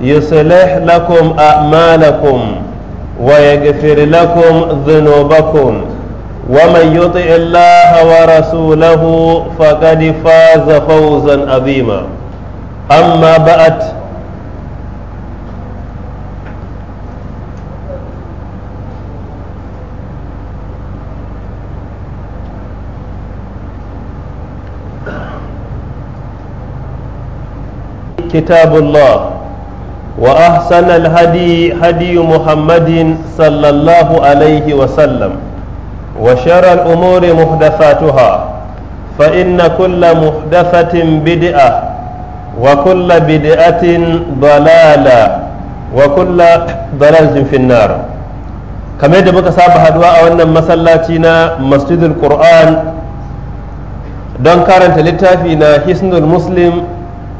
يصلح لكم أعمالكم ويغفر لكم ذنوبكم ومن يطع الله ورسوله فقد فاز فوزا عظيما أما بعد كتاب الله وأحسن الهدي هدي محمد صلى الله عليه وسلم وشر الأمور محدثاتها فإن كل محدثة بدعة وكل بدعة ضلالة وكل ضلالة في النار kamar yadda muka saba haduwa a wannan masallaci na masjidul qur'an don karanta littafi na hisnul muslim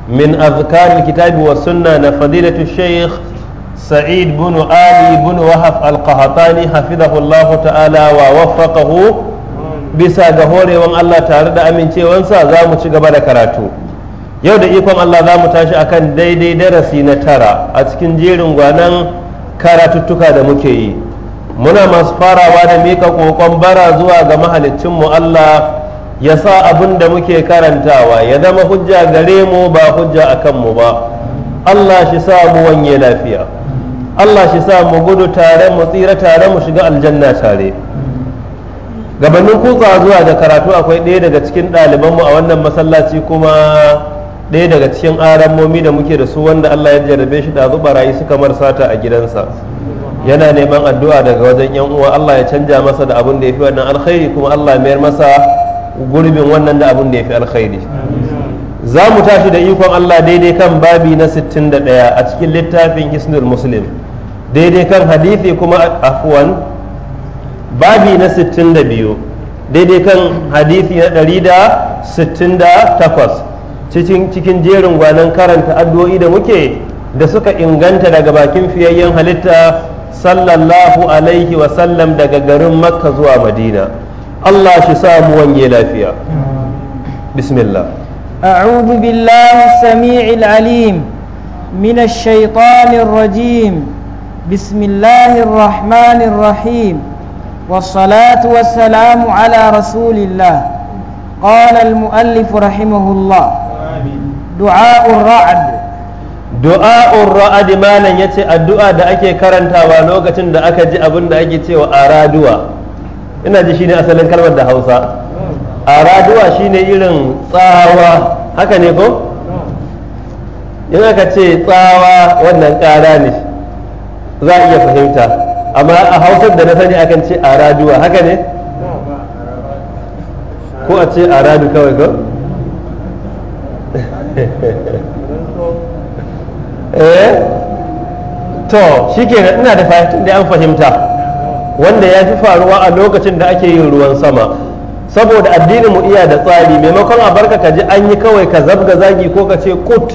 من أذكار الكتاب والسنة لفضيلة الشيخ سعيد بن علي بن وهف القهطاني حفظه الله تعالى ووفقه bisa ga horewan Allah tare da amincewansa za mu ci gaba da karatu yau da ikon Allah za mu tashi akan daidai darasi na tara a cikin jerin gwanan karatuttuka da muke yi muna masu farawa da mika kokon bara zuwa ga mahalicinmu Allah ya sa abin da muke karantawa ya zama hujja gare mu ba hujja a kanmu ba Allah shi sa mu wanye lafiya Allah shi sa mu gudu tare mu tsira tare mu shiga aljanna tare gabanin kutsa zuwa da karatu akwai ɗaya daga cikin ɗalibanmu a wannan masallaci kuma ɗaya daga cikin aramomi da muke da su wanda Allah ya jarrabe shi da zuba barayi suka sata a gidansa yana neman addu'a daga wajen yan uwa Allah ya canja masa da abin da ya fi wannan alkhairi kuma Allah mayar masa gurbin wannan da abin da ya fi alkhairi za mu tashi da ikon Allah daidai kan babi na 61 a cikin littafin hisnul muslim daidai kan hadithi kuma afuwan babi na 62 daidai kan hadithi na 168 cikin cikin jerin gwanan karanta addu'o'i da muke da suka inganta daga bakin fiyayyen halitta sallallahu alaihi wasallam daga garin makka zuwa madina Allah shi samu wanye lafiya bismillah a'udhu billahi samii'il alim minash shaitanir rajim bismillahir rahmanir rahim والصلاة والسلام على رسول الله قال المؤلف رحمه الله دعاء الرعد du'a'ur ra'ad malan yace addu'a da ake karantawa lokacin da aka ji abin da ake cewa araduwa ina ji shine asalin kalmar da hausa a raduwa shine irin tsawa haka ne ko in aka ce tsawa wannan kara ne za a iya fahimta amma a hausar da na sani akan ce a raduwa haka ne ko a ce a radu kawai ko eh to shikenan ina da fahimta da an fahimta wanda ya fi faruwa a lokacin da ake yin ruwan sama saboda addinin mu iya da tsari maimakon a barka ka ji an yi kawai ka zabga zagi ko ka ce kut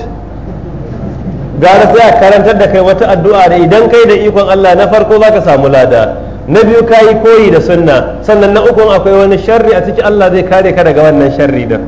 gara sai a karantar da kai wata addu'a da idan kai da ikon Allah na farko zaka samu lada na biyu ka yi koyi da sunna sannan na ukun akwai wani sharri a ciki Allah zai kare ka daga wannan sharri da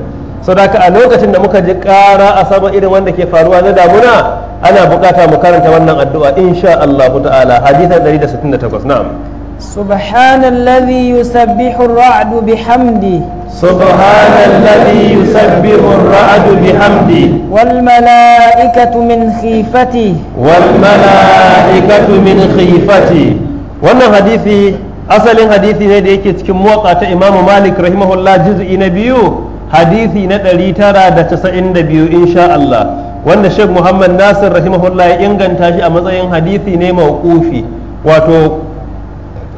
saboda a lokacin da muka ji kara a sama irin wanda ke faruwa na damuna ana bukata mu karanta wannan addu'a insha Allah ta'ala hadisan 168 na'am سبحان الذي يسبح الرعد بحمده سبحان الذي يسبح الرعد بحمده والملائكة من خيفته والملائكة من خيفته wannan hadisi asalin hadisi ne da yake cikin motsa ta imamu malik rahimahullah juz'i na biyu hadisi na ɗari tara da da casa'in biyu insha Allah wanda sheikh muhammad nasir rahimahullah ya inganta shi a matsayin hadisi ne mawqufi wato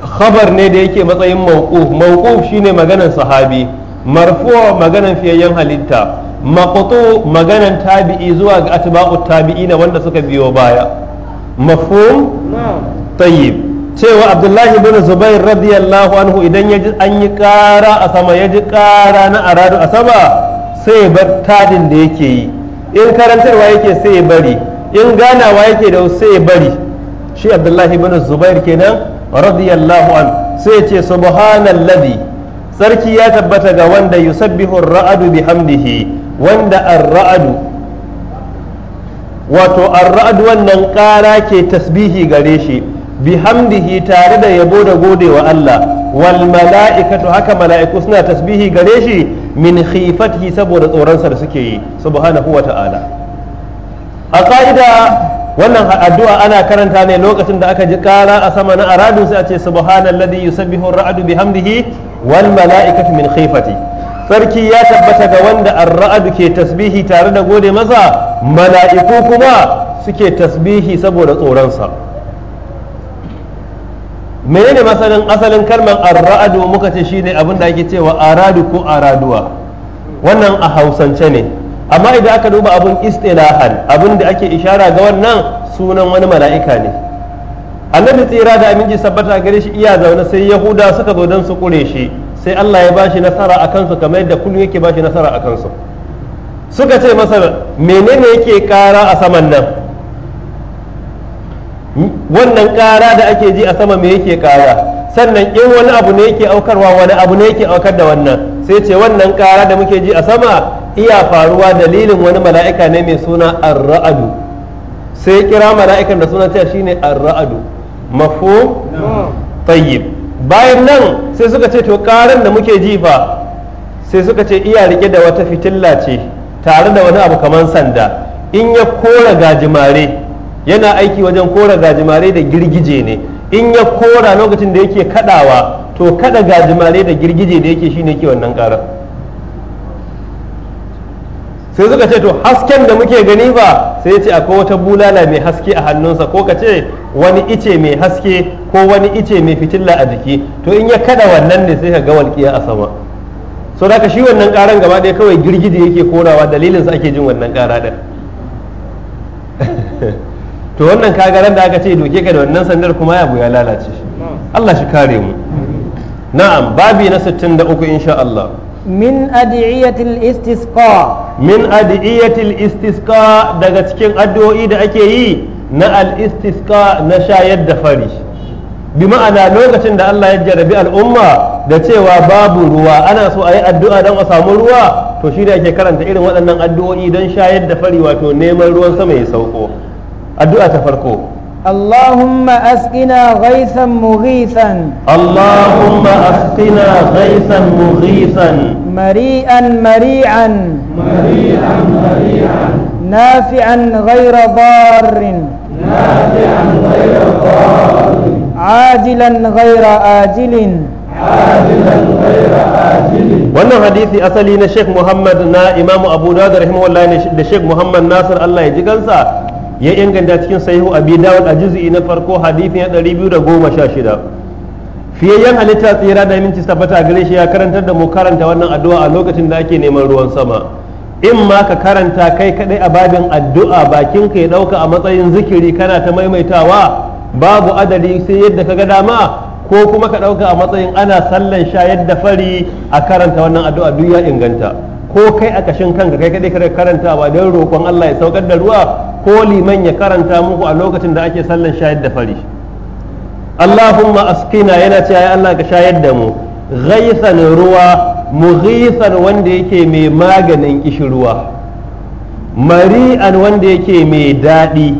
khabar ne da yake matsayin mawquf mawquf shine maganan sahabi marfu' maganan fiyayyen halitta maqtu maganan tabi'i zuwa ga atba'u na wanda suka biyo baya mafhum tayyib cewa abdullahi bin zubair radiyallahu anhu idan yaji an yi kara a sama yaji kara na aradu a sama sai bar tadin da yake yi in karantarwa yake sai bari in ganawa yake da sai bari shi abdullahi bin zubair kenan radiyallahu an sai ce ladhi sarki ya tabbata ga wanda yusabbihu ar-ra'du bihamdihi wanda ar-ra'du wato ar-ra'du wannan kara ke tasbihi gare shi bihamdihi tare da yabo da godewa Allah wal mala'ikatu haka mala'iku suna tasbihi gare shi min khifatihi saboda tsoronsa da suke yi subhanahu wa a ƙa'ida wannan addu'a ana karanta ne lokacin da aka ji kara a sama na aradu sai a ce subhanalladhi yusabbihu ar-ra'du bihamdihi wal mala'ikatu min khifati sarki ya tabbata ga wanda ar-ra'du ke tasbihi tare da gode masa mala'iku kuma suke tasbihi saboda tsoron sa menene masalin asalin kalmar ar-ra'du muka ce shine abin da ake cewa aradu ko araduwa wannan a hausance ne amma idan aka duba abun istilahan abin da ake ishara ga wannan sunan wani mala'ika ne annabi tsira da aminci sabbata gare shi iya zaune sai yahuda suka zo don su kure shi sai Allah ya bashi nasara a kansu kamar yadda kullum yake bashi nasara a kansu suka ce masa menene yake kara a saman nan wannan kara da ake ji a sama me yake kara sannan in wani abu ne yake aukarwa wani abu ne yake aukar da wannan sai ce wannan kara da muke ji a sama iya faruwa dalilin wani mala'ika ne mai suna arra'adu sai kira mala'ikan da suna cewa shine arra'adu mafu tayyib bayan nan sai suka ce to karan da muke ji fa sai suka ce iya rike da wata fitilla ce tare da wani abu kamar sanda in ya kora gajimare yana aiki wajen kora gajimare da girgije ne in ya kora lokacin da yake kadawa to kada gajimare da girgije da yake shine ke wannan karar sai suka ce to hasken da muke gani ba sai ce akwai wata bulala mai haske a hannunsa ko ka ce wani ice mai haske ko wani ice mai fitilla a jiki to in ya kada wannan ne sai ka ga walƙiya a sama so da shi wannan ƙaran gaba ɗaya kawai girgiji yake korawa dalilinsa ake jin wannan ƙara ɗin to wannan kagaran da aka ce doke ka da wannan sandar kuma ya ya lalace Allah shi kare mu na'am babi na 63 insha Allah min adiyatil istisqa min adiyatil istisqa daga cikin addu'o'i da ake yi na al-istisqa na shayar da fari bi ma'ana lokacin da Allah ya jarabi al'umma da cewa babu ruwa ana so a yi addu'a don a samu ruwa to shi ake karanta irin waɗannan addu'o'i don shayar da fari wato neman ruwan sama ya sauko addu'a ta farko اللهم أسقنا غيثا مغيثا اللهم أسقنا غيثا مغيثا مريئا مريعا مريئا مريعا نافعا غير ضار نافعا غير ضار عاجلا غير آجل عاجلا غير آجل wannan حديث asali الشيخ محمد نا إمام أبو نادر رحمه الله ne محمد ناصر Muhammad Nasir Allah ya ya inganta cikin sahihu abi dawud a juz'i na farko hadisi na 216 fiyayyen halitta tsira da minti tabbata gare shi ya karantar da mu karanta wannan addu'a a lokacin da ake neman ruwan sama in ma ka karanta kai kadai a babin addu'a bakin ka ya dauka a matsayin zikiri kana ta maimaitawa babu adadi sai yadda ka ga dama ko kuma ka dauka a matsayin ana sallan shayar da fari a karanta wannan addu'a duk ya inganta ko kai a kashin kanka kai kadai ka karantawa don roƙon Allah ya saukar da ruwa ko liman ya karanta muku a lokacin da ake sallan shayar da fari Allahumma askina yana cewa ya Allah ka shayar da mu ghaisan ruwa mughisan wanda yake mai maganin kishirwa mari'an wanda yake mai daɗi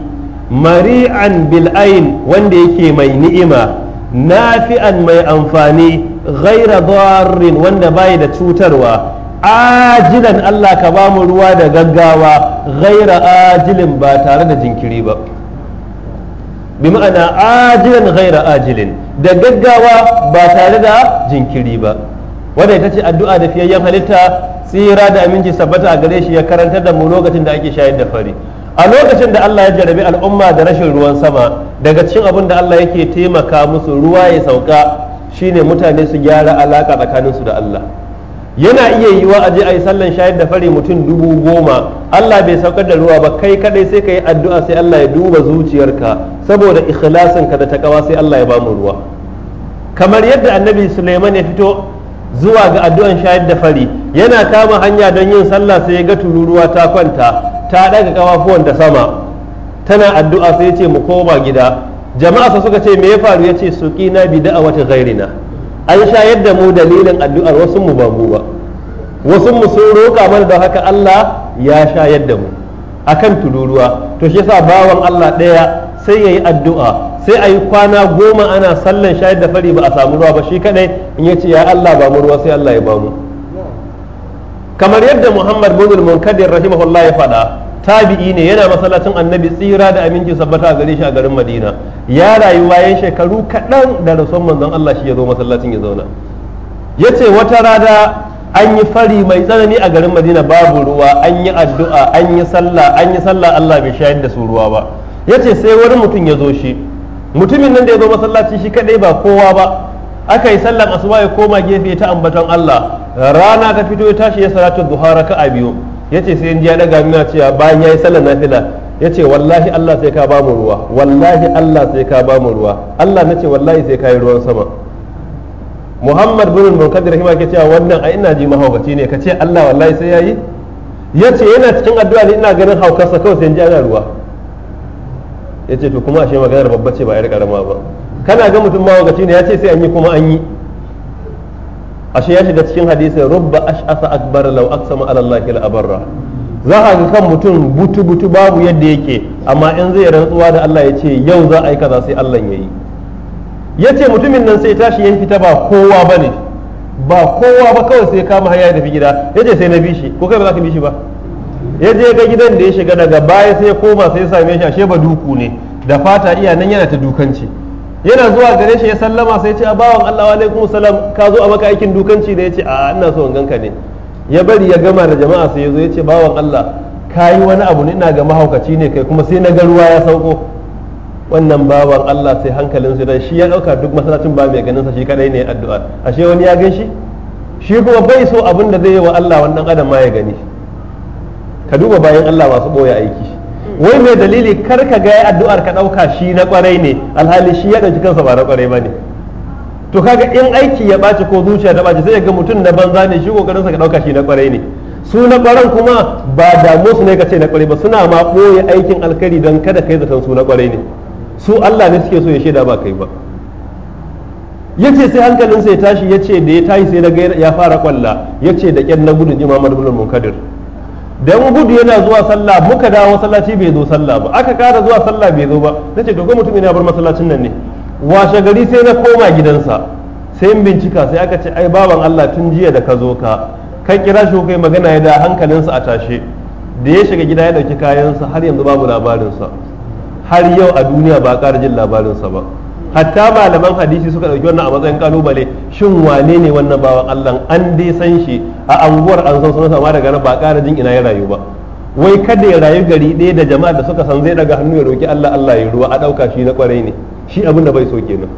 mari'an bil'ain wanda yake mai ni'ima nafi'an mai amfani ghaira darrin wanda bai da cutarwa ajilan Allah ka ba mu ruwa da gaggawa ghaira ajilin ba tare da jinkiri ba bi ma'ana ajilan ghaira ajilin da gaggawa ba tare da jinkiri ba wanda ita ce addu'a da fiyayyen halitta tsira da aminci sabbata a gare shi ya karantar da mu lokacin da ake shayar da fari a lokacin da Allah ya jarabi al'umma da rashin ruwan sama daga cikin abin da Allah yake taimaka musu ruwa ya sauka shine mutane su gyara alaka tsakaninsu da Allah yana iya wa aje a yi sallan shayar da fari mutum dubu goma Allah bai saukar da ruwa ba kai kadai sai ka yi addu'a sai Allah ya duba zuciyarka saboda ikhlasin ka da ta takawa sai Allah ya bamu ruwa kamar yadda annabi Sulaiman ya fito zuwa ga addu'an shayar da fari yana kama hanya don yin sallah sai ya ga tururuwa ta kwanta ta daga kafafuwan da sama tana addu'a sai ya ce mu koma gida jama'a suka ce me ya faru ya ce su suqina bi da'awati ghairina an shayar da mu dalilin addu'ar wasu mu ba mu ba wasu mu sun roƙa mana don haka Allah ya shayar da mu akan tururuwa to shi yasa bawan Allah ɗaya sai yayi addu'a sai a yi kwana goma ana sallan shayar da fari ba a samu ruwa ba shi kadai in ya ce ya Allah ba mu ruwa sai Allah ya ba mu kamar yadda Muhammad bin Munkadir rahimahullah ya faɗa tabi'i ne yana masallacin annabi tsira da aminci sabbata a gare shi a garin madina ya rayu bayan shekaru kaɗan da rasulun manzon allah shi ya zo masallacin ya zauna yace wata rada an yi fari mai tsanani a garin madina babu ruwa an yi addu'a an yi sallah an yi sallah Allah bai shayar da su ruwa ba yace sai wani mutum ya zo shi mutumin nan da ya zo masallaci shi kadai ba kowa ba aka yi sallar asuba ya koma gefe ta ambaton Allah rana ta fito ya tashi ya salatu duha a biyu yace sai inji ya daga mina cewa bayan ya yi na fila nafila yace wallahi Allah sai ka ba mu ruwa wallahi Allah sai ka ba mu ruwa Allah na ce wallahi sai ka yi ruwan sama muhammad bin munkadir rahima ke cewa wannan a ina ji mahaukaci ne ka ce allah wallahi sai yayi ya ce yana cikin addu'a ne ina ganin haukarsa kawai sai ji ana ruwa ya ce to kuma ashe maganar babba ce ba yar karama ba kana ga mutum mahaukaci ne ya ce sai an yi kuma an yi ashe ya shiga cikin hadisi rubba ash'asa akbar law aqsama ala allahi la abarra za ka ga kan mutum butu butu babu yadda yake amma in zai rantsuwa da Allah ya ce yau za a yi kaza sai Allah ya yi ya ce mutumin nan sai tashi ya fita ba kowa ba ne ba kowa ba kawai sai kama hanya ya tafi gida ya ce sai na bi shi ko kai ba za ka bi shi ba ya je ga gidan da ya shiga daga baya sai ya koma sai ya same shi ashe ba duku ne da fata iya nan yana ta dukanci yana zuwa gare shi ya sallama sai ya ce a bawan Allah wa alaikum salam ka zo a maka aikin dukanci da ya ce a ina so in ganka ne ya bari ya gama da jama'a sai ya zo ya ce bawan Allah ka yi wani abu ne ina ga mahaukaci ne kai kuma sai na ga ruwa ya sauko wannan bawan Allah sai hankalin su shi ya dauka duk masallacin ba mai ganin sa shi kadai ne addu'a ashe wani ya gan shi shi kuma bai so abin da zai yi wa Allah wannan adam ma ya gani ka duba bayan Allah masu boye aiki wai mai dalili kar ka ga addu'ar ka dauka shi na kwarai ne alhali shi ya dauki kansa ba na kwarai bane to kaga in aiki ya baci ko zuciya ta baci sai ga mutum na banza ne shi kokarin sa ka dauka shi na kwarai ne su na kwaran kuma ba damu su ne ka ce na kwarai ba suna ma boye aikin alkari don kada kai zaton su na kwarai ne su Allah ne suke so ya shaida ba kai ba yace sai hankalinsa ya tashi ya ce da ya tashi sai daga ya fara kwalla yace da kyan na gudu Imam Ibn Munkadir dan gudu yana zuwa sallah muka dawo masallaci bai zo sallah ba aka kara zuwa sallah bai zo ba nace to ga mutum ya bar masallacin nan ne washe gari sai na koma gidansa sai in bincika sai aka ce ai baban Allah tun jiya da ka zo ka kan kira shi kai magana ya da hankalinsa a tashe da ya shiga gida ya dauki kayansa har yanzu babu labarinsa har yau a duniya ba ƙara jin labarinsa ba hatta malaman hadisi suka ɗauki wannan a matsayin kalubale shin wane ne wannan bawan Allah an dai san shi a anguwar an san sunansa amma daga nan ba ƙara jin ina ya rayu ba wai kada ya rayu gari ɗaya da jama'a da suka san zai daga hannu ya roki Allah Allah ya ruwa a ɗauka shi na kwarai ne shi abin da bai so kenan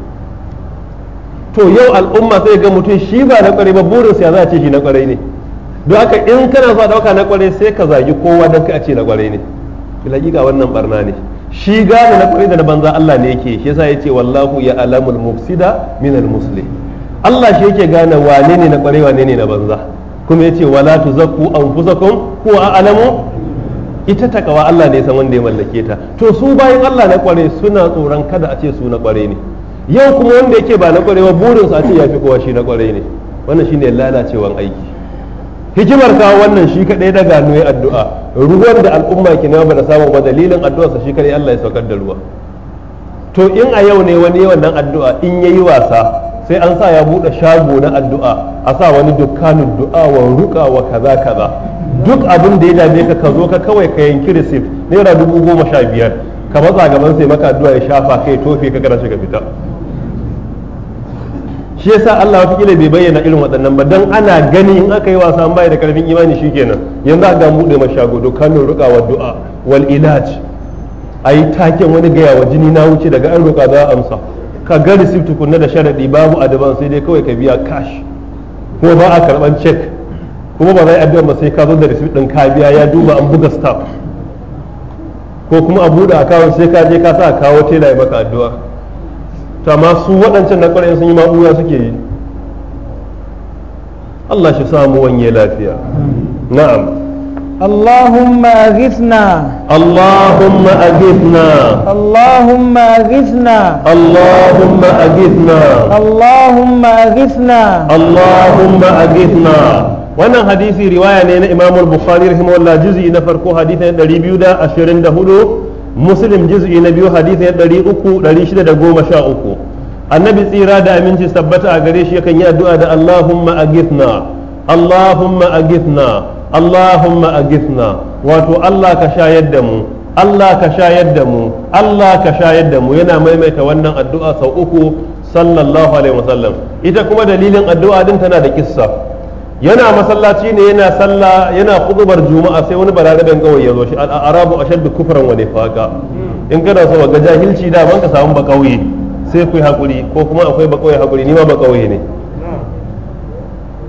to yau al'umma sai ga mutum shi ba na kwarai ba burinsa ya za a ce shi na kwarai ne don haka in kana so a ɗauka na kwarai sai ka zagi kowa don ka a ce na kwarai ne ila wannan barna ne shi gane na kwarai da na banza Allah ne yake shi yasa ya ce wallahu ya alamul mufsida min al muslim Allah shi yake gane wane ne na kwarai wane ne na banza kuma ya yace wala kun anfusakum a a'lamu ita takawa Allah ne ya san wanda ya mallake ta to su bayan Allah na kware suna tsoron kada a ce su na ne yau kuma wanda yake ba na kware ba burin a ce ya fi kowa shi na kware ne wannan shine lalacewan aiki hikimar kawo wannan shi kadai daga gano addu'a ruwan da al'umma ke nema bada samu ba dalilin addu'a sa shi kadai Allah ya saukar da ruwa to in a yau ne wani yawan nan addu'a in ya yi wasa sai an sa ya bude shago na addu'a a sa wani dukkanin du'a wa ruka wa kaza kaza duk abin da ya dame ka ka zo ka kawai ka yanki receipt naira dubu goma sha biyar ka matsa gaban sai maka addu'a ya shafa kai tofe ka gara shi ka fita shi yasa Allah wata kila bai bayyana irin waɗannan ba dan ana gani in aka yi wasa an bai da karfin imani shikenan yanzu ga buɗe mashago to kanu ruka wa du'a wal ilaj ayi taken wani gaya wa jini na wuce daga an za a amsa ka ga receipt kunna da sharadi babu daban sai dai kawai ka biya cash ko ba a karban check kuma ba zai addu'a ba sai ka zo da receipt din ka biya ya duba an buga staff ko kuma a buɗe account sai ka je ka sa a kawo tela ya maka addu'a to su waɗancan na ƙwarai sun yi ma'uya suke yi Allah shi samu wanye lafiya na'am Allahumma agisna. Allahumma agisna. Allahumma agisna. Allahumma agisna. Allahumma agisna. wannan hadisi riwaya ne na imamul Bukhari rahimahullah juz'i na farko hadisin 224 muslim juz'i na biyu hadisi na ɗari uku ɗari shida da goma sha uku annabi tsira da aminci tabbata a gare shi yakan yi addu'a da allahumma agithna allahumma agithna allahumma agithna wato allah ka shayar da mu allah ka shayar da mu allah ka shayar da mu yana maimaita wannan addu'a sau uku sallallahu alaihi wasallam ita kuma dalilin addu'a ɗin tana da kissa yana masallaci ne yana sallah yana kudubar juma'a sai wani balaraben gawai ya zo shi al'arabu shaddu kufran wa nifaqa in kana so ga jahilci da ban ka samu ba sai ku hakuri ko kuma akwai ba kauye hakuri ni ma ba kauye ne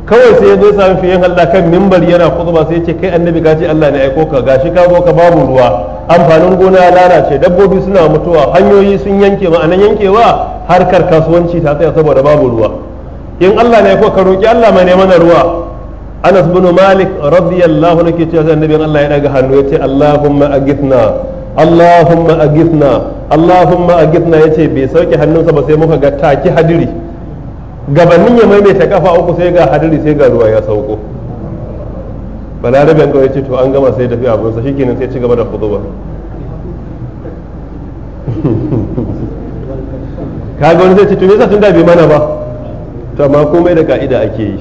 kawai sai ya zo sami fiye halda kan mimbar yana kuduba sai ya ce kai annabi ka ce Allah ne aiko ka gashi ka zo ka babu ruwa amfanin gona ya lalace dabbobi suna mutuwa hanyoyi sun yanke ma'anan yankewa harkar kasuwanci ta tsaya saboda babu ruwa in Allah ne ko ka roki Allah mai neman ruwa Anas bin Malik radiyallahu anhu ke cewa annabi Allah ya daga hannu yace Allahumma aghithna Allahumma aghithna Allahumma aghithna yace bai sauke hannunsa ba sai muka ga taki hadiri gabanin ya ta kafa uku sai ga hadiri sai ga ruwa ya sauko balarabe kawai ce to an gama sai tafi abin sa shikenan sai ci gaba da khutuba kaga wani zai ce to me yasa tun da bai mana ba to amma komai da ka'ida ake yi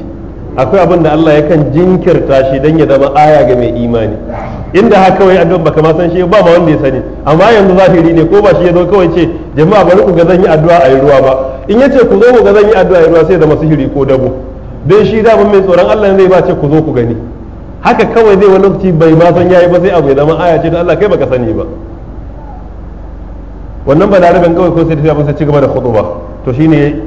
akwai abin da Allah yakan jinkirta shi dan ya zama aya ga mai imani inda haka kawai addu'a baka ma san shi ba ma wanda ya sani amma yanzu zahiri ne ko ba shi ya zo kawai ce jama'a bari ku ga zan yi addu'a a yi ruwa ba in yace ku zo ku ga zan yi addu'a a yi ruwa sai zama sihiri ko dabo dan shi da mai tsoron Allah zai ba ce ku zo ku gani haka kawai zai wani lokaci bai ma san yayi ba sai abu ya zama aya ce da Allah kai baka sani ba wannan ba rabin kawai ko sai ta ci gaba da ba to shine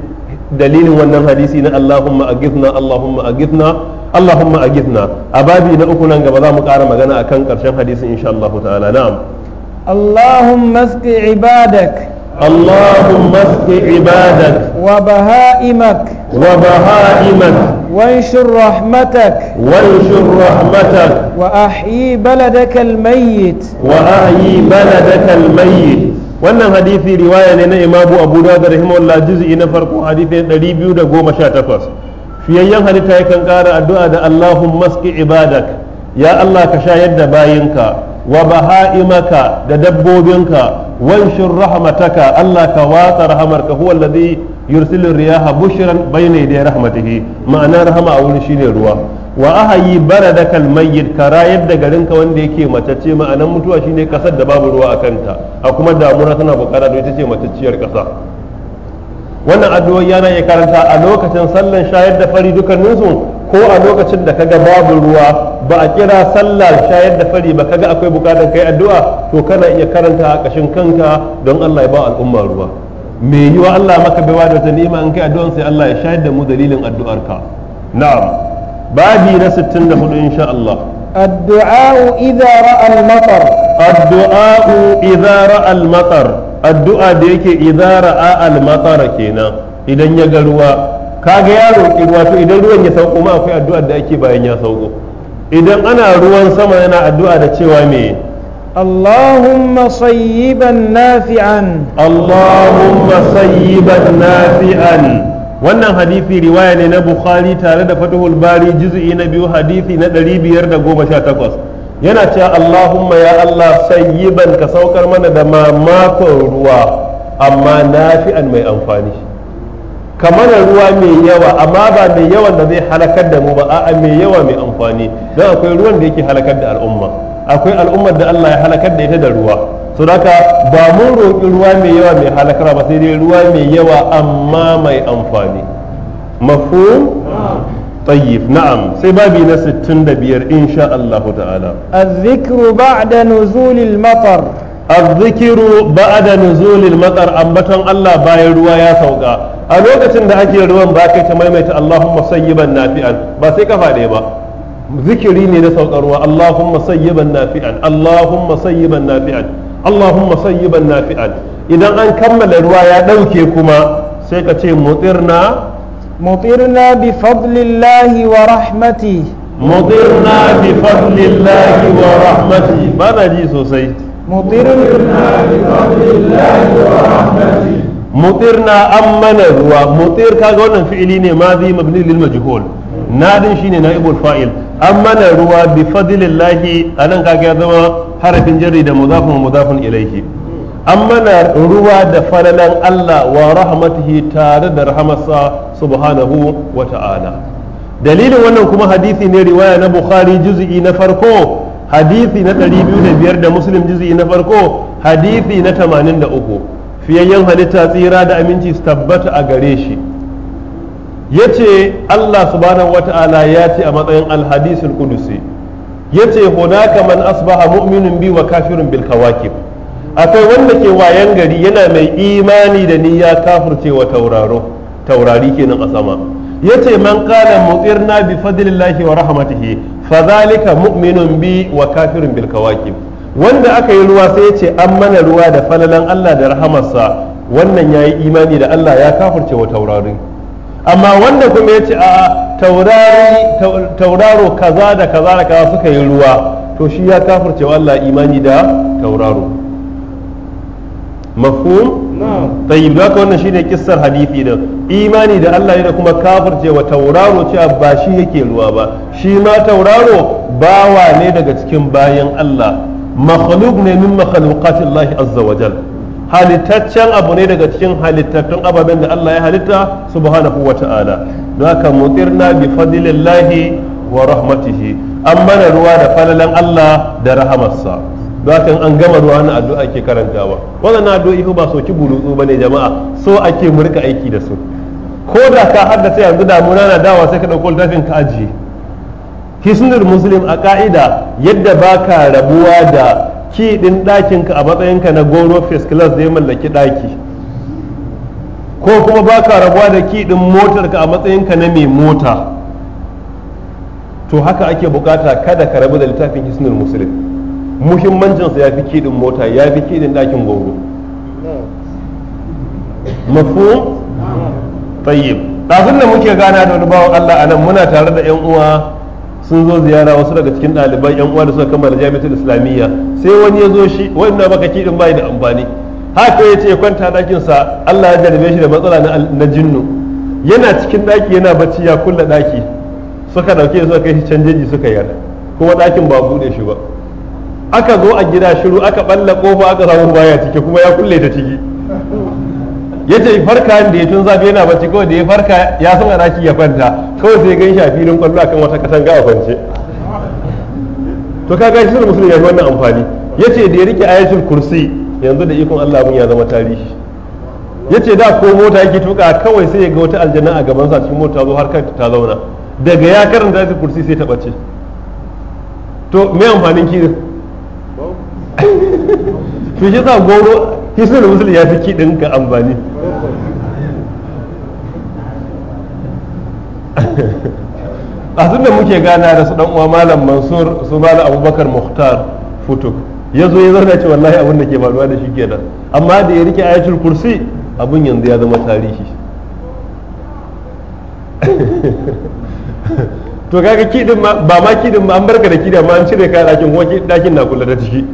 dalilin wannan hadisi na Allahumma agithna Allahumma agithna Allahumma agithna a babi na uku nan gaba za mu ƙara magana akan ƙarshen hadisin insha Allah ta'ala na'am Allahumma asqi ibadak اللهم اسق عبادك وبهائمك وبهائمك وانشر رحمتك وانشر رحمتك وأحيي بلدك الميت وأحيي بلدك الميت wannan hadisi riwaya ne na imamu abu da rahimahullah juz'i na farko hadisi 218 fiyayyen halitta yakan kara addu'a da allahumma maski ibadak ya allah ka shayar da bayinka wa baha'imaka da dabbobinka wanshur rahmataka allah ka watsa rahamarka huwa alladhi yursilu riyaha bushran bayna yaday rahmatihi ma'ana rahama a wurin shine ruwa wa ahayi baradaka almayyit karayar garin ka wanda yake matacce ma'anan mutuwa shine kasar da babu ruwa a kanta a kuma damuna tana bukara don ita ce matacciyar kasa wannan addu'o'i yana iya karanta a lokacin sallan shayar da fari dukkaninsu ko a lokacin da kaga babu ruwa ba a kira sallar shayar da fari ba kaga akwai bukatar kai addu'a to kana iya karanta a kashin kanka don Allah ya ba al'umma ruwa me yiwa Allah maka baiwa da wata ni'ima in kai addu'an sai Allah ya shayar da mu dalilin addu'arka na'am babi na 64 insha Allah addu'a idza ra'a al-matar addu'a idza ra'a addu'a da yake idza ra'a al kenan idan ya ga ruwa kaga ya roki ruwa to idan ruwan ya sauko ma akwai addu'a da ake bayan ya sauko idan ana ruwan sama yana addu'a da cewa me اللهم صيبا نافعا اللهم صيبا نافعا wannan hadisi riwaya ne na bukhari tare da fatuhul bari juz'i na biyu hadisi na 518 yana cewa allahumma ya allah sayyiban ka saukar mana da mamakon ruwa amma nafi'an mai amfani kamar ruwa mai yawa amma ba mai yawan da zai halakar da mu ba a'a mai yawa mai amfani don akwai ruwan da yake halakar da al'umma akwai al'ummar da allah ya halakar da ita da ruwa to ba mun roƙi ruwa mai yawa mai halakar ba sai dai ruwa mai yawa amma mai amfani mafhum tayyib na'am sai babi na 65 insha Allah ta'ala az-zikru ba'da nuzulil matar az-zikru ba'da nuzulil matar ambaton Allah bayan ruwa ya sauka a lokacin da ake ruwan baka ta maimaita Allahumma sayyiban nafi'an ba sai kafa ba zikiri ne na sauƙar ruwa Allahumma sayyiban nafi'an Allahumma sayyiban nafi'an Allahumma sayyiban nafi'an idan an kammala ruwa ya dauke kuma sai ka ce mutirna mutirna bi fadlillahi wa rahmati mutirna bi fadlillahi wa rahmati ba na ji sosai mutirna bi fadlillahi wa rahmati mutirna an mana ruwa mutir kaga wannan fi'ili ne ma zai mabni lil majhul nadin shine naibul fa'il amma na ruwa bi fadlillahi anan kaga ya zama harafin jarri da mudafun mudafun ilaihi amma na ruwa da falalan Allah wa rahmatihi tare da rahamarsa subhanahu wa ta'ala dalilin wannan kuma hadisi ne riwaya na bukhari juz'i na farko hadisi na 205 da muslim juz'i na farko hadisi na 83 fiyayyen halitta tsira da aminci su tabbata a gare shi yace Allah subhanahu wata'ala ya ce a matsayin alhadisul qudusi yace hunaka man asbaha mu'minun bi wa kafirun bil kawakib akwai wanda ke wayan gari yana mai imani da niyya kafirce wa tauraro taurari kenan a sama yace man qala mutirna bi fadlillahi wa rahmatihi fadhalika mu'minun bi wa kafirun bil kawakib wanda aka yi ruwa sai yace an mana ruwa da falalan Allah da rahamarsa wannan yayi imani da Allah ya kafirce wa taurari amma wanda kuma ya ce a tauraro kaza da kaza da kaza suka yi ruwa to shi ya kafirce wa Allah imani da tauraro mafhum tayyib da wannan shine kissar hadisi da imani da Allah da kuma kafirce wa tauraro cewa ba shi yake ruwa ba shi ma tauraro bawa ne daga cikin bayan Allah makhluk ne min makhluqatillahi azza wajalla halittaccen abu ne daga cikin halittattun ababen da Allah ya halitta subhanahu wa ta'ala don haka mutirna bi fadlillahi wa rahmatihi an mana ruwa da falalan Allah da rahamarsa don haka an gama ruwa na addu'a ke karantawa wannan addu'o'i ba soki burutsu bane jama'a so ake mu rika aiki da su ko da ka haddace yanzu damuna na dawa sai ka dauko littafin ka ajiye hisnul muslim a ka'ida yadda baka rabuwa da ki din ɗakinka a matsayinka na goro first class da ya mallaki ɗaki ko kuma baka rabuwa da ki din motarka a matsayinka na mai mota to haka ake bukata kada ka rabu da littafin hisnul muslim muhimmancinsa ya fi ki mota ya fi ki ɗakin goro mafhum tayyib ɗafin da muke gana da wani bawan Allah a nan muna tare da 'yan uwa sun zo ziyara wasu daga cikin ɗaliban yan uwa da suka kammala jami'atul islamiyya sai wani ya zo shi wannan baka din bai da amfani haka ya ce kwanta ɗakin sa Allah ya jarabe shi da matsala na jinnu yana cikin ɗaki yana bacci ya kulla ɗaki suka dauke suka kai shi canjeji suka yarda kuma ɗakin ba buɗe shi ba aka zo a gida shiru aka balla kofa aka samu baya cike kuma ya kulle ta ciki ya ce farka da ya tun zafi yana bacci kawai da ya farka ya san ana ya kwanta kawai sai gan shafi a filin kwallo akan wata katanga a kwance to ka gashi sun musulmi ya yi wannan amfani ya ce da ya rike ayatul kursi yanzu da ikon Allah mun ya zama tarihi ya ce da ko mota yake tuka kawai sai ya ga wata aljanna a gabansa cikin mota zo har kanta ta zauna daga ya karanta ayatul kursi sai ta bace to me amfanin kirin to shi sa goro da musulun ya fi kiɗin ka amfani a da muke gana da su uwa malam mansur su malam abubakar muhtar futuk ya zo ya zauna ce wallahi abin da ke faruwa da shi ke da amma da ya rike ayatul kursi abin yanzu ya zama tarihi to kaga kidin ba ma kidin ba an barka da kidi ma an cire ka dakin kuma dakin na kula da ciki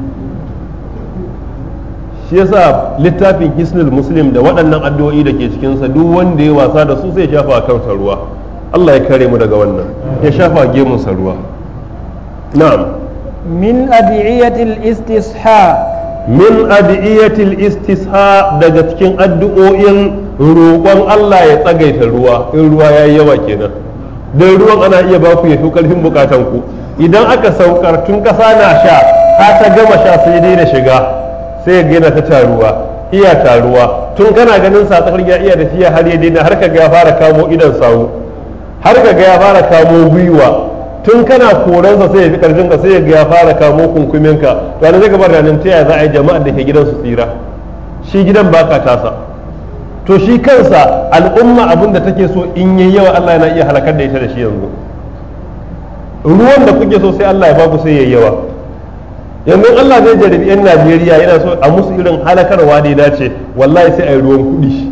shi yasa littafin hisnul muslim da waɗannan addu'o'i da ke cikinsa duk wanda ya wasa da su sai shafa sa ruwa Allah ya kare mu daga wannan ya shafa gemunsa ruwa na'am min adiyatil istisha min adiyatil istisha daga cikin addu'o'in roƙon Allah ya tsagaita ruwa in ruwa yayi yawa kenan dan ruwan ana iya ba ku ya fi karfin bukatan ku idan aka saukar tun ƙasa na sha ta ta gama sha sai dai da shiga sai ga yana ta taruwa iya taruwa tun kana ganin sa tsakar ya iya da shi har ya daina har ka ya fara kamo idan sawu har ka ya fara kamo gwiwa tun kana koransa sai ya fi karfin ka sai ya ya fara kamo kunkumin ka to an zai gabar ranar ta za a yi jama'ar da ke gidan su tsira shi gidan baka tasa to shi kansa al'umma abin da take so in yi yawa Allah yana iya halakar da ita da shi yanzu ruwan da kuke so sai Allah ya baku sai yayi yawa yanzu Allah zai jarabi yan Najeriya yana so a musu irin halakarwa da ya dace wallahi sai a yi ruwan kuɗi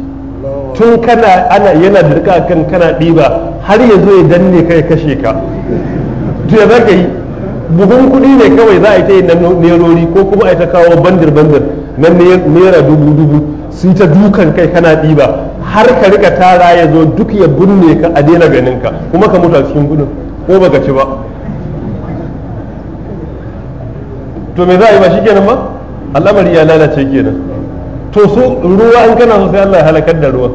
tun kana ana yana da rika kan kana ɗiba har ya zo ya danne kai kashe ka to ya zaka yi buhun kuɗi ne kawai za a yi ta yi nerori ko kuma a yi ta kawo bandir bandir na naira dubu dubu sun ta dukan kai kana ɗiba har ka rika tara ya zo duk ya binne ka a daina ganin ka kuma ka mutu a cikin gudun ko baka ci ba to me za a yi ba shi kenan ba al'amari ya lalace kenan to su ruwa an kana so sai Allah ya halakar da ruwan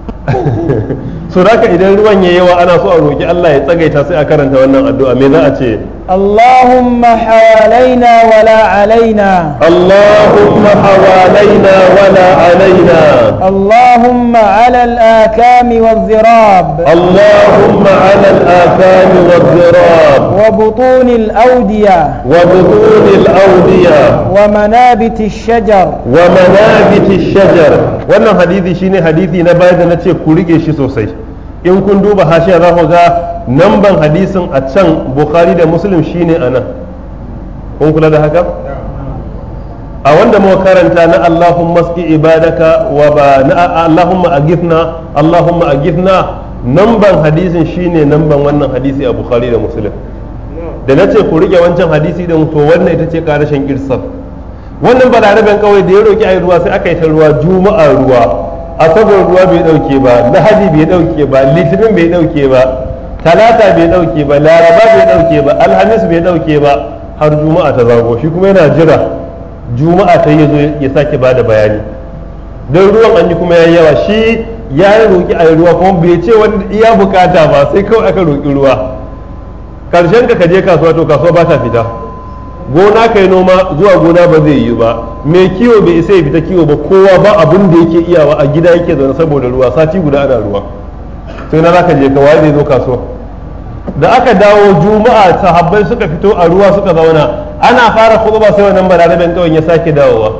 so raka idan ruwan ya yawa ana so a roki Allah ya tsagaita sai a karanta wannan addu'a me za a ce اللهم حوالينا ولا علينا اللهم حوالينا ولا علينا اللهم على الآكام والذراب اللهم على الآكام والذراب وبطون الأودية وبطون الأودية ومنابت الشجر ومنابت الشجر وانا حديثي شيني حديثي na نتشي كوريكي شي ku in kun duba hashiya za ku ga namban hadisin a can bukhari da muslim shine a nan kun kula da haka a wanda muka karanta na allahumma ski ibadaka wa ba na allahumma agifna allahumma agifna namban hadisin shine namban wannan hadisi a bukhari da muslim da na ce ku rike wancan hadisi da to wannan ita ce karashin girsar wannan balaraben kawai da ya roki a ruwa sai aka yi ta ruwa juma'a ruwa asabar ruwa bai dauke ba lahadi bai dauke ba litinin bai dauke ba talata bai dauke ba laraba bai dauke ba alhamis bai dauke ba har juma'a ta zago shi kuma yana jira juma'a ta yi zo ya sake da bayani don ruwan an yi kuma ya yawa shi ya roƙi a ruwa kuma bai ce wani iya bukata ba sai kawai aka roƙi ruwa karshen ka je kasuwa to kasuwa ba ta fita gona kai noma zuwa gona ba zai yi ba mai kiwo bai isa ya fita kiwo ba kowa ba abin da yake iyawa a gida yake zaune saboda ruwa sati guda ana ruwa sai na zaka je ka waye zai zo kasuwa da aka dawo juma'a sahabbai suka fito a ruwa suka zauna ana fara khutba sai wannan balarabin kawai ya sake dawowa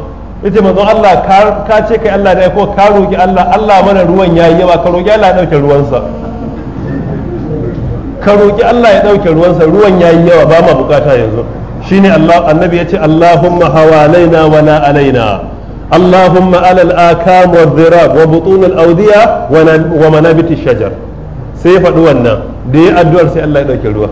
yace manzo Allah ka ce kai Allah da ko ka roki Allah Allah mana ruwan yayi yawa ka roki Allah ya dauke ruwansa ka roki Allah ya dauke sa ruwan yayi yawa ba ma bukata yanzu shine Allah annabi yace Allahumma hawalaina wa la alaina Allahumma alal akam wa dhirab wa butun al awdiya wa manabit shajar sai faɗi wannan da ya addu'ar sai Allah ya dauke ruwa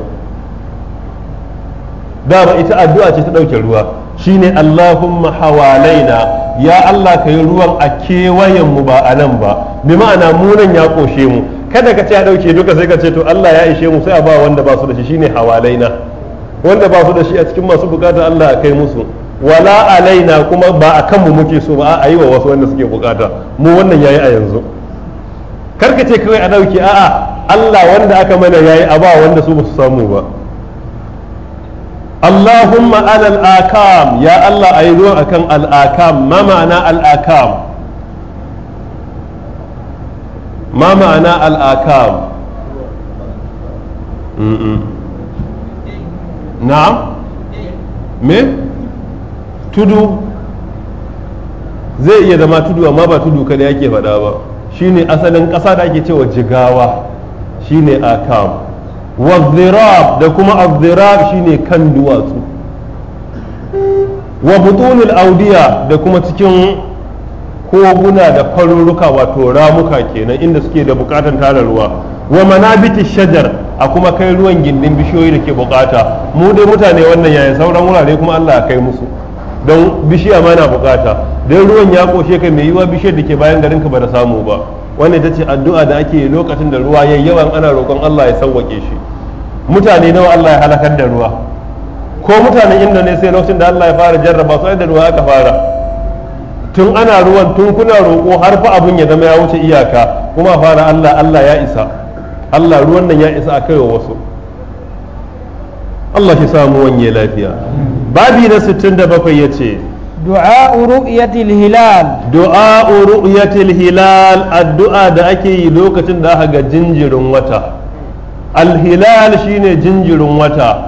dama ita addu'a ce ta dauke ruwa shine Allahumma hawalaina ya Allah ka yi ruwan a kewayen mu ba a nan ba bi ma'ana nan ya koshe mu kada ka ce ya dauke duka sai ka ce to Allah ya ishe mu sai a ba wanda ba su da shi shine hawalaina wanda ba su da shi a cikin masu bukata Allah a kai musu wala alaina kuma ba a kanmu muke so ba a yi wa wasu wanda suke bukata mu wannan yayi a yanzu karka ce kawai a dauke a'a Allah wanda aka mana yayi a ba wanda su basu samu ba Allahumma alal akam ya Allah ayi zuwa akan al akam ma ma'ana al akam ma ma'ana al akam mm -mm. na me tudu zai iya zama tudu amma ba tudu kada yake faɗa ba shine asalin ƙasa da ake cewa jigawa shine akam wa da kuma azzirab shine kan duwatsu wa butunul audiya da kuma cikin koguna da kwaruruka wato ramuka kenan inda suke da bukatan tara ruwa wa manabiti shajar a kuma kai ruwan gindin bishiyoyi da ke bukata mu dai mutane wannan yayin sauran wurare kuma Allah ya kai musu don bishiya ma na bukata don ruwan ya koshe kai mai yiwa bishiyar da ke bayan garin ka ba da samu ba wannan ita ce addu'a da ake lokacin da ruwa yayi yawan ana roƙon Allah ya sauwake shi mutane nawa Allah ya halakar da ruwa ko mutanen Indonesia lokacin da Allah ya fara jarraba su da ruwa aka fara tun ana ruwan tun kuna roƙo har fa abun ya zama ya wuce iyaka kuma fara Allah Allah ya isa Allah ruwan nan ya isa a kai wa wasu Allah shi samu wanye lafiya babi na 67 ya ce du'a ru'yatil hilal du'a ru'yatil addu'a da ake yi lokacin da aka ga jinjirin wata alhilal shine jinjirin wata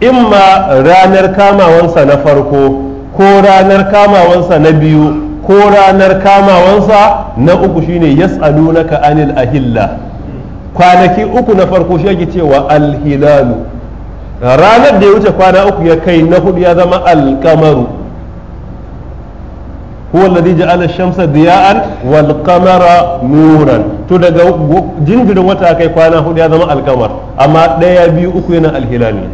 imma ranar kamawansa na farko ko ranar kamawansa na biyu ko ranar kamawansa na uku shine yas'alunaka anil ahilla kwanaki uku na farko shi ake cewa alhilalu ranar da ya wuce kwana uku ya kai na hudu ya zama alkamaru huwa alladhi ja'ala ash-shamsa diya'an wal qamara nuran to daga jinjirin wata kai kwana hudu ya zama alkamar amma daya biyu uku yana alhilal ne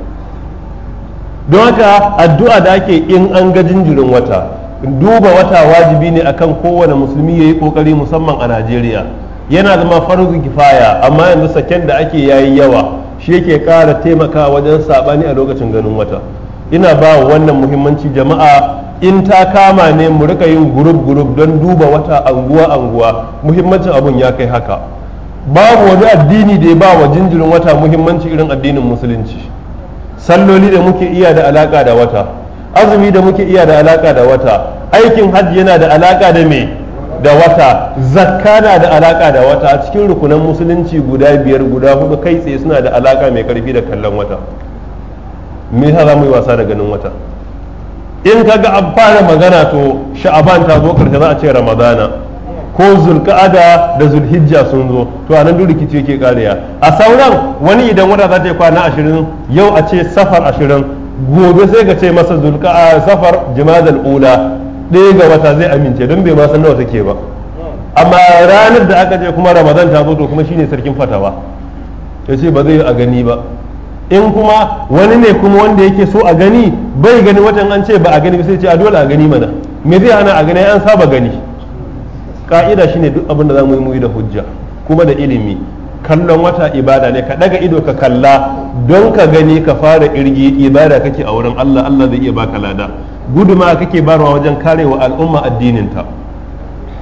don haka addu'a da ake in an ga jinjirin wata duba wata wajibi ne akan kowane musulmi yayi kokari musamman a Najeriya yana zama farzu kifaya amma yanzu saken da ake yayi yawa shi yake kara taimaka wajen saɓani a lokacin ganin wata ina ba wannan muhimmanci jama'a in ta kama ne mu rika yin gurub gurub don duba wata anguwa anguwa muhimmancin abun ya kai haka babu wani addini da ya ba wa jinjirin wata muhimmanci irin addinin musulunci salloli da muke iya da alaka da wata azumi da muke iya da alaka da wata aikin hajji yana da alaka da me da wata zakka na da alaka da wata cikin rukunan musulunci guda biyar guda hudu kai tsaye suna da alaka mai karfi da kallon wata me yasa za mu yi wasa da ganin wata in ka ga an fara magana to sha'aban ta zo karshe za a ce ramadana ko zulka'ada da zulhijja sun zo to a nan duk rikici yake karewa a sauran wani idan wata za ta yi kwana ashirin yau a ce safar ashirin gobe sai ka ce masa zulka'a safar jima'a ula ɗaya ga wata zai amince don bai ma nawa take ba amma ranar da aka ce kuma ramadan ta zo to kuma shine sarkin fatawa ya ce ba zai yi a gani ba in kuma wani ne kuma wanda yake so a gani bai gani watan an ce ba a gani sai ce a dole a gani mana me zai hana a gani an saba gani ka'ida shine duk abin da za mu yi muyi da hujja kuma da ilimi kallon wata ibada ne ka daga ido ka kalla don ka gani ka fara irgi ibada kake a wurin Allah Allah zai iya baka lada guduma kake barwa wajen karewa al'umma addinin addininta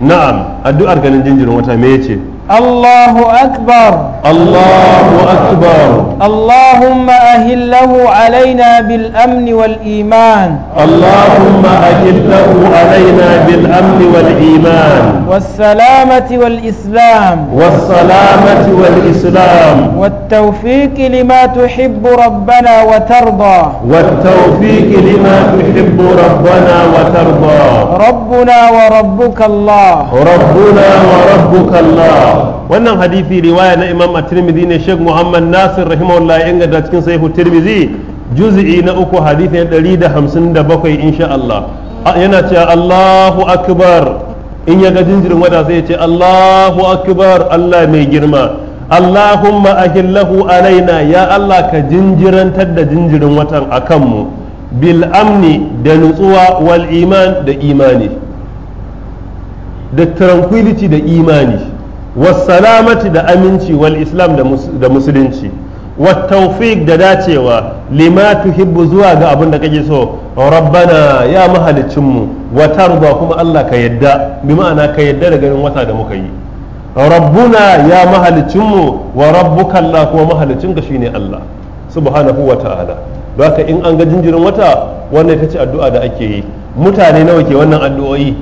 na'am addu'ar ganin jinjirin wata me ce الله أكبر الله أكبر اللهم أهله علينا بالأمن والإيمان اللهم أهله علينا بالأمن والإيمان والسلامة والإسلام والسلامة والإسلام والتوفيق لما تحب ربنا وترضى والتوفيق لما تحب ربنا وترضى ربنا وربك الله ربنا وربك الله wannan hadisi riwaya na imam a tirmidhi ne sheikh muhammad nasir rahimahullah ya inganta cikin saifu tirmidhi juz'i na uku hadisi na 157 insha Allah yana cewa Allahu akbar in ya ga jinjirin wata sai ya ce Allahu akbar Allah mai girma Allahumma ahillahu alaina ya Allah ka jinjirantar da jinjirin watan a kanmu bil amni da nutsuwa wal iman da imani da tranquility da imani wassalamati da aminci wal islam da musulunci wat tawfiq da dacewa lima tuhibbu zuwa ga abin da kake so rabbana ya mahalicinmu wa tarda kuma Allah ka yadda bi ma'ana ka yadda da ganin wata da muka yi rabbuna ya mahalicinmu wa rabbuka Allah kuma mahalicinka shine Allah subhanahu wa ta'ala baka in an ga jinjirin wata wannan ita ce addu'a da ake yi mutane nawa ke wannan addu'o'i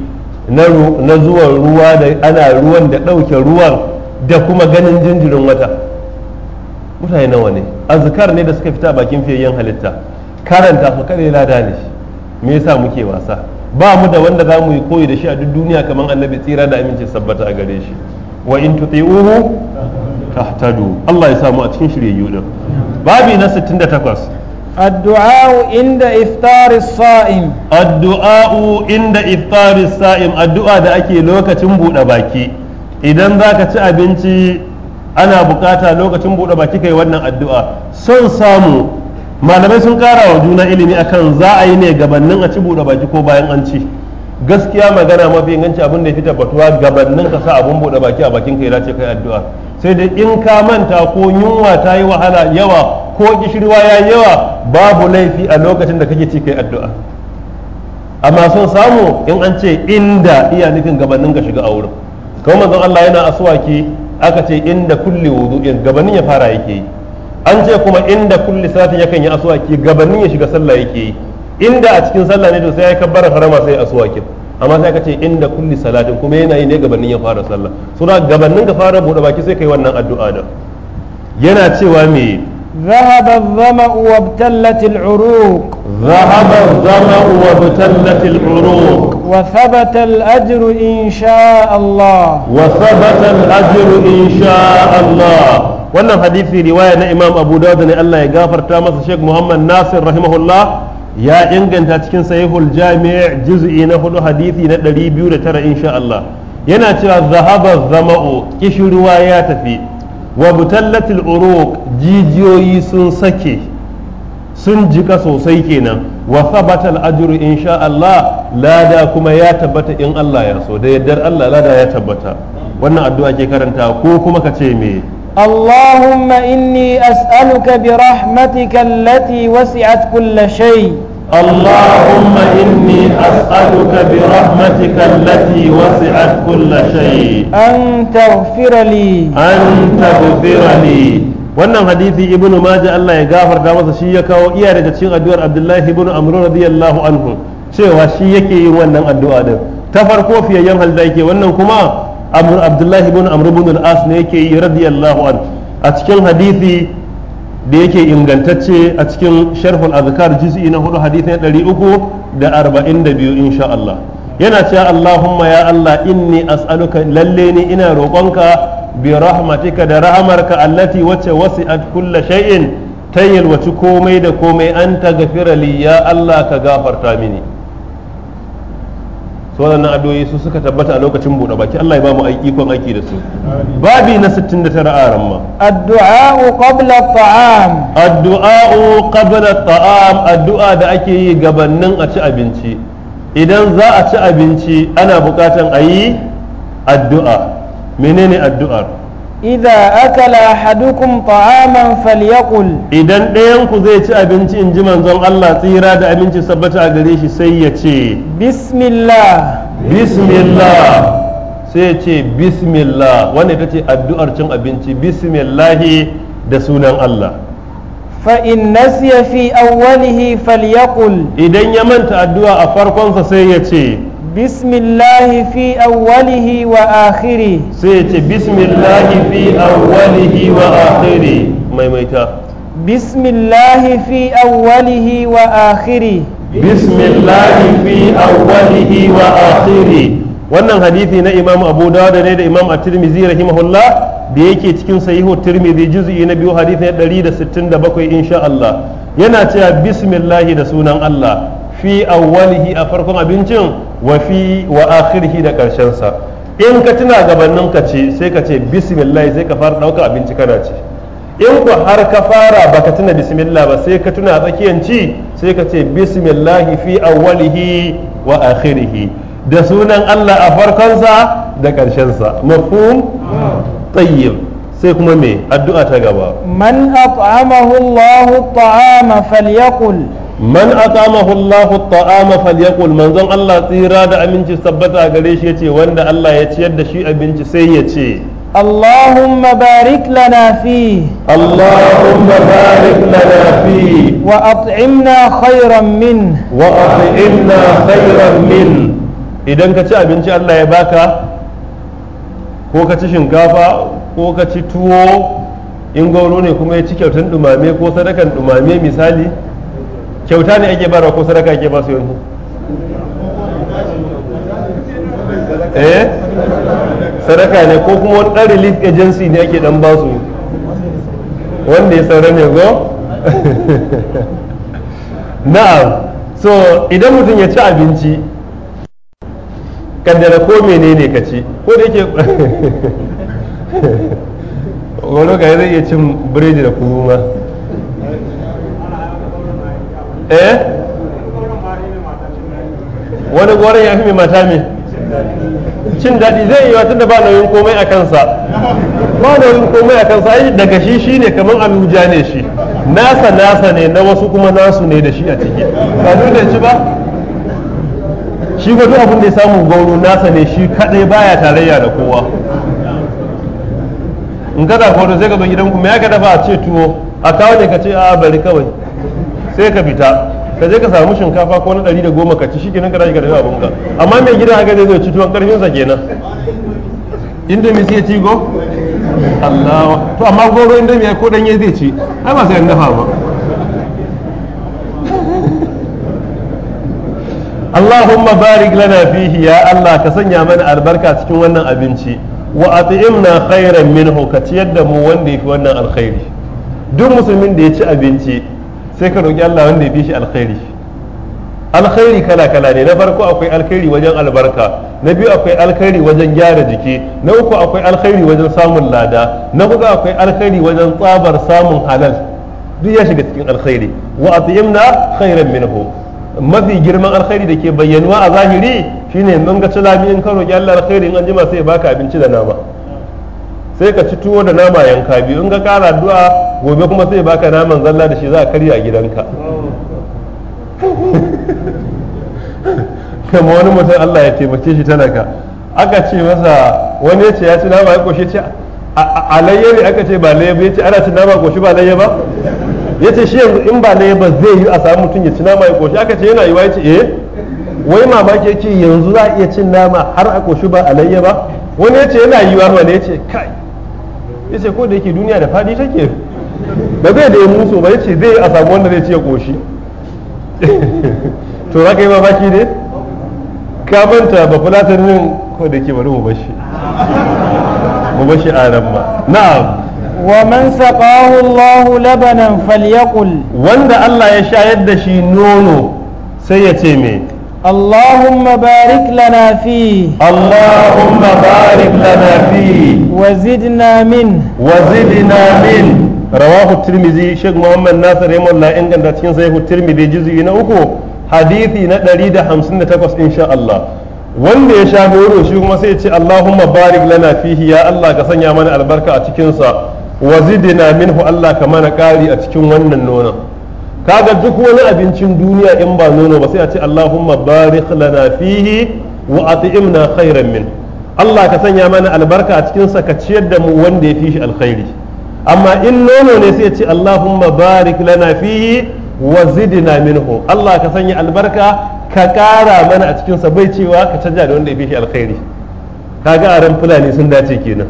na zuwan ruwa da ana ruwan da ɗauke ruwan da kuma ganin jinjirin wata mutane nawa ne azkar ne da suka fita bakin fiyayyen halitta karanta su kare lada ne me yasa muke wasa ba mu da wanda za mu yi koyi da shi a duk duniya kamar annabi tsira da amince sabbata a gare shi wa in tuti'uhu tahtadu Allah ya samu a cikin shiryayyu din babi na 68 الدعاء عند إفطار الصائم الدعاء عند إفطار الصائم الدعاء da ake lokacin buɗe baki idan zaka ci abinci ana bukata lokacin buɗe baki kai wannan addu'a son samu malamai sun ƙara wa juna ilimi akan za a yi ne gabannin a ci buɗe baki ko bayan an ci gaskiya magana mafi inganci abin da ya fi tabbatuwa gabanin ka sa abun buɗe baki a bakin ka ya dace kai addu'a sai dai in ka manta ko yunwa ta yi wahala yawa ko gishirwa ya yawa babu laifi a lokacin da kake ci kai addu'a amma son samu in an ce inda iya nufin gabanin ka shiga a wurin kawai manzon Allah yana asuwaki aka ce inda kulli in gabanin ya fara yake yi an ce kuma inda kulli salatin yakan yi asuwaki gabanin ya shiga sallah yake yi inda a cikin sallah ne to sai ya kabbara harama sai asuwaki amma sai aka ce inda kulli salatin kuma yana yi ne gabanin ya fara sallah Suna gabanin ka fara bude baki sai kai wannan addu'a da yana cewa me ذهب الظمأ وابتلت العروق ذهب الظمأ وابتلت العروق وثبت الأجر إن شاء الله وثبت الأجر إن شاء الله wannan hadisi riwaya na imam abu dawud ne Allah ya gafarta masa shek muhammad nasir rahimahullah ya inganta cikin sahihul jami'a juz'i na hudu hadisi na 209 insha Allah yana cewa zahaba zama'u kishruwa ya tafi wa butallatil uruq jijiyoyi sun sake sun jika sosai kenan wa thabata al insha Allah lada kuma ya tabbata in Allah ya so da yaddar Allah lada ya tabbata wannan addu'a ke karanta ko kuma ka ce me اللهم إني bi برحمتك التي wasi'at كل شيء اللهم إني أسألك برحمتك التي وسعت كل شيء أن تغفر لي أن تغفر لي wannan hadisi ibnu majah Allah ya gafarta masa shi ya kawo iya daga cikin addu'ar Abdullahi ibnu Amr radiyallahu anhu cewa shi yake yin wannan addu'a din ta farko fiyayyen halda yake wannan kuma Abdullahi ibnu Amr ibn al-As ne yake yi radiyallahu anhu a cikin hadisi da yake ingantacce a cikin sharhul azkar juz'i na hudu hadithin biyu insha Allah yana cewa Allahumma ya Allah inni as'aluka lalle ni ina roƙonka bi rahmatika da rahamarka allati wacce wasi'at kulla shay'in ta yalwaci komai da komai an taga gafira li ya Allah ka gafarta mini sauran na su suka tabbata a lokacin buɗe baki Allah ya ba mu ikon aiki da su babi na 69 a ramma addu'a qabla at'am addu'a qabla addu'a da ake yi gabanin a ci abinci idan za a ci abinci ana buƙatan a yi addu'a menene addu'ar idza akala ahadukum ta'aman falyaqul idan ɗayanku zai ci abinci in ji manzon Allah tsira da abinci sabbata a gare shi sai ya ce bismillah bismillah sai ya ce bismillah wanda ita ce addu'ar cin abinci bismillahi da sunan Allah fa'in nasiya fi awwalihi falyaqul idan ya manta addu'a a farkonsa sai ya ce bismillahi fi awwalihi wa akhiri sai ce bismillahi fi awwalihi wa maimaita bismillahi fi awwalihi wa akhiri fi awwalihi wa wannan hadisi na imam abu dawud ne da imam at-tirmidhi rahimahullah da yake cikin sahihu tirmidhi juz'i na biyu hadisi na 167 insha Allah yana cewa bismillahi da sunan Allah fi awwalihi a farkon abincin wa fi wa akhirhi da karshensa in ka tuna gabanin ka ce sai ka ce bismillah sai ka fara dauka abinci kana ci in ku har ka fara baka tuna bismillah ba sai ka tuna tsakiyan ci sai ka ce bismillah fi awwalihi wa akhirihi da sunan Allah a farkonsa da karshensa mafhum tayyib sai kuma me addu'a ta gaba man at'amahu Allah at'ama man atamahu Allah ta'ama falyaqul manzon Allah tsira da aminci sabbata gare shi yace wanda Allah ya ciyar da shi abinci sai ya ce Allahumma barik lana fi Allahumma barik lana fi wa at'imna khayran min wa at'imna khayran min idan ka ci abinci Allah ya baka ko ka ci shinkafa ko ka ci tuwo in gauro ne kuma ya ci kyautan dumame ko sadakan dumame misali kyauta ne ake bayarwa ko sadaka ake ba su yanzu eh sadaka ne ko kuma wani ɗan relief agency ne ake dan ba su wanda ya sauran zo? na'am so idan mutum ya ci abinci kaddara ko menene ka ci ko da yake wani ka zai iya cin biredi da kuma eh wani goron ya fi mai mata me cin daɗi zai yi watan da ba nauyin komai a kansa ba nauyin komai a kansa ai daga shi shi ne kamar abuja ne shi nasa nasa ne na wasu kuma nasu ne da shi a ciki ba da ci ba shi ko duk abin da ya samu gauru nasa ne shi kadai baya tarayya da kowa in kada kwado sai gaba zo gidan kuma ya ka dafa a ce tuwo a kawo ne ka ce a bari kawai sai ka fita ka je ka samu shinkafa ko na ɗari da goma ka ci shi kenan ka tashi ka tafi abinka amma mai gida haka zai zo ci tuwon ƙarfin sa kenan inda mai sai ci go Allah to amma goro inda mai ko ɗanye zai ci ai ba sai an dafa ba Allahumma barik lana fihi ya Allah ka sanya mana albarka cikin wannan abinci wa at'imna khairan minhu ka ciyar da mu wanda fi wannan alkhairi duk musulmin da ya ci abinci sai ka roƙi Allah wanda ya bi shi alkhairi alkhairi kala kala ne na farko akwai alkhairi wajen albarka na biyu akwai alkhairi wajen gyara jiki na uku akwai alkhairi wajen samun lada na huɗu akwai alkhairi wajen tsabar samun halal duk ya shiga cikin alkhairi wa at'imna khairan minhu mafi girman alkhairi da ke bayyanuwa a zahiri shine mun ga tulami in ka roki Allah alkhairi in an jima sai baka abinci da nama sai ka ci tuwo da nama yanka biyu in ka kara du'a. gobe kuma sai baka naman zalla da shi za a karya gidanka kama wani mutum Allah ya taimake shi talaka aka ce masa wani ya ce ya ci nama ya koshi ce a layya ne aka ce ba layya ba ya ce ana ci nama koshi ba layya ba ya ce shi yanzu in ba layya ba zai yi a samu mutum ya ci nama ya koshi aka ce yana yiwa ya ce eh wai mamaki ce yanzu za a iya cin nama har a koshi ba a layya ba wani ya ce yana yiwa wani ya ce kai ya ce ko da yake duniya da faɗi take ba zai da ya musu ba ce zai a samu wanda zai ce goshi to za ka yi mamaki ne ka manta ba fulatanin ko da ke bari mu bashi mu bashi a ran ba na'am ومن Wanda Allah ya فليقل وند shi nono sai ya ce me. اللهم بارك لنا فيه اللهم بارك لنا فيه وزدنا منه وزدنا منه rawahu tirmizi sheikh muhammad nasir rahimahullah inganta cikin sahihu tirmizi juz'i na uku hadisi na 158 insha Allah wanda ya sha horo shi kuma sai ya ce Allahumma barik lana fihi ya Allah ka sanya mana albarka a cikin sa wa zidna minhu Allah ka mana kari a cikin wannan nono kaga duk wani abincin duniya in ba nono ba sai a ce Allahumma barik lana fihi wa at'imna khairan min Allah ka sanya mana albarka a cikin sa ka ciyar da mu wanda ya fi shi alkhairi amma in nono ne sai ya ce Allahumma barik lana fihi wa zidna minhu Allah ka sanya albarka ka ƙara mana a cikin sa bai cewa ka canja da wanda ya fi alkhairi kaga a ran fulani sun dace kenan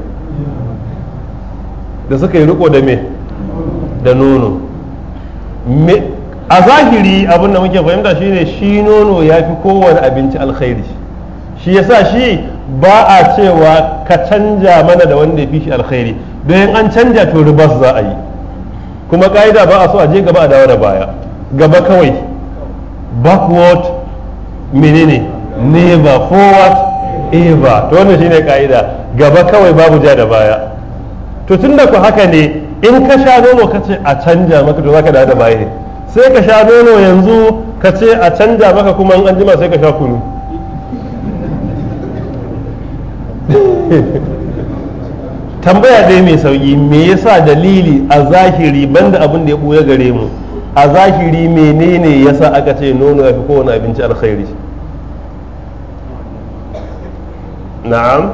da suka yi riko da me da nono a zahiri abin da muke fahimta shine shi nono ya fi kowane abinci alkhairi shi yasa shi ba a cewa ka canja mana da wanda ya fi shi alkhairi don an canja to ribas za a yi kuma ka'ida ba a so a je gaba a dawo da baya gaba kawai backward menene never forward ever to wannan shine ka'ida gaba kawai babu ja da baya to tunda ku haka ne in ka sha nono ka ce a canja maka to zaka dawo da baya ne sai ka sha nono yanzu ka ce a canja maka kuma an jima sai ka sha kunu tambaya dai mai sauki me yasa dalili a zahiri banda abin da ya buya gare mu a zahiri menene yasa aka ce nono ya fi kowane abinci alkhairi na'am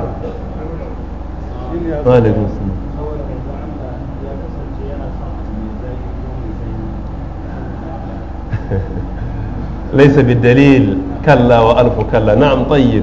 ليس بالدليل كلا وألف كلا نعم طيب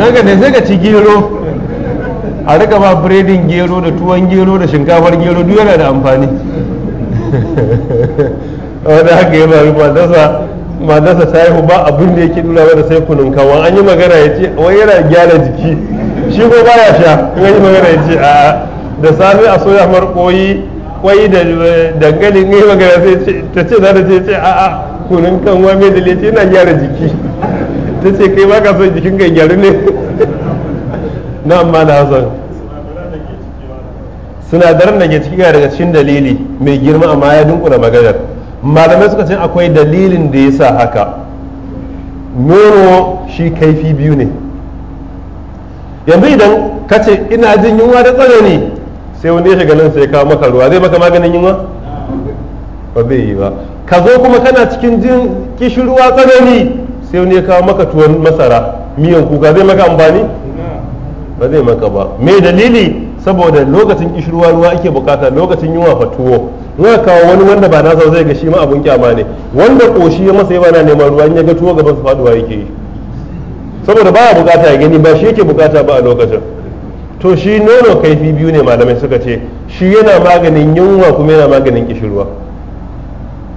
haka ne sai ka ci gero a rika ba biredin gero da tuwon gero da shinkafar gero duk yana da amfani wanda haka ya faru matarsa ta sahihu ba abin da yake nuna wanda sai kunun kawo an yi magana ya ce wai yana gyara jiki shi ko ba ya sha an yi magana ya ce a da sami a soya mar koyi kwai da dangane yi magana sai ta ce za ta ce a a kunun kanwa mai da lece yana gyara jiki ta ce kai ba ka son jikin ka gyaru ne na amma na hasan sinadaran da ke ciki ga daga cikin dalili mai girma amma ya dunkula maganar malamai suka ce akwai dalilin da ya sa haka nono shi kaifi biyu ne yanzu idan ka ce ina jin yunwa da tsanani sai wani ya shiga nan sai kawo maka ruwa zai maka maganin yunwa ba zai yi ba ka zo kuma kana cikin jin kishirwa tsanani sai wani ya kawo maka tuwon masara miyan kuka zai maka amfani ba zai maka ba me dalili saboda lokacin kishirwa ruwa ake bukata lokacin yunwa fa tuwo ya kawo wani wanda ba nasa zai ga shi ma abun kyama ne wanda koshi ya masa yana neman ruwa ya ga tuwo gaban su faduwa yake yi saboda ba a bukata ya gani ba shi yake bukata ba a lokacin to shi nono kaifi biyu ne malamai suka ce shi yana maganin yunwa kuma yana maganin kishirwa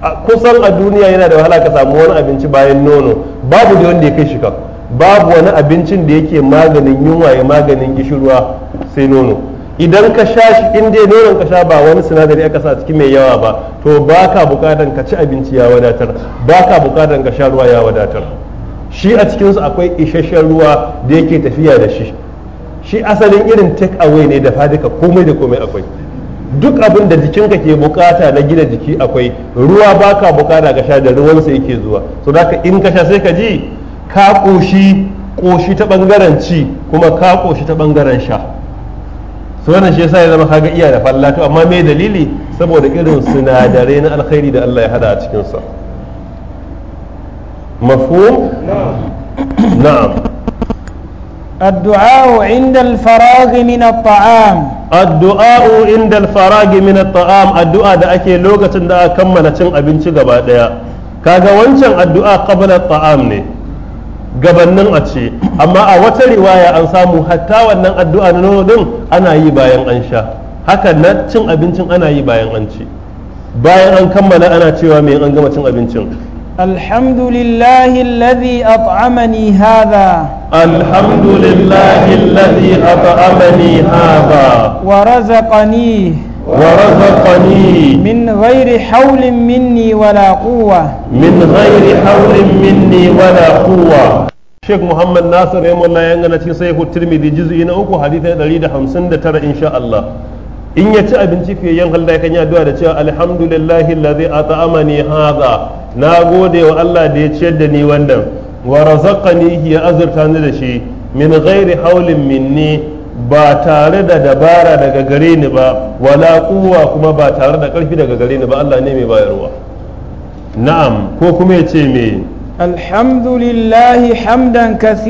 kusan a duniya yana da wahala ka samu wani abinci bayan nono babu da wanda ya kai shika babu wani abincin da yake maganin yunwa ya maganin gishirwa sai nono idan ka sha shi in dai nonon ka sha ba wani sinadari aka sa ciki mai yawa ba to baka bukatar ka ci abinci ya wadatar baka bukatar ka sha ruwa ya wadatar shi a cikinsu akwai isasshen ruwa da yake tafiya da shi shi asalin irin take away ne da fadika komai da komai akwai duk abin da jikinka ke bukata na gina jiki akwai ruwa baka bukata ka sha da ruwan sa yake zuwa so da in ka sha sai ka ji ka koshi koshi ta bangaren ci kuma ka koshi ta bangaren sha so wannan shi yasa ya zama kaga iya da fallato amma me dalili saboda irin sinadarai na alkhairi da Allah ya hada a cikin sa mafhum na'am الدعاء عند الفراغ من الطعام addu'a da ake lokacin da aka kammala cin abinci gaba daya kaga wancan addu'a qabla ta'am ne gabannin a ce amma a wata riwaya an samu hatta wannan addu'a na nono din ana yi bayan an sha haka na cin abincin ana yi bayan an ci bayan an kammala ana cewa me an gama cin abincin الحمد لله الذي أطعمني هذا الحمد لله الذي أطعمني هذا ورزقنيه ورزقني من غير حول مني ولا قوة من غير حول مني ولا قوة Sheikh Muhammad Nasir ya mulla ya gana cikin sai ku Tirmidhi juz'i na uku hadisi 159 insha Allah in ya ci abinci fiye yan halda kan yi addu'a da cewa alhamdulillahi allazi at'amani hadha na gode wa Allah da ya ciyar da ni wannan wa razaqani ya azurta ni da shi min ghairi haulin minni ba tare da dabara daga gare ni ba wala kuwa kuma ba tare da karfi daga gare ni ba Allah ne mai bayarwa na'am ko kuma ya ce me alhamdulillahi hamdan kasi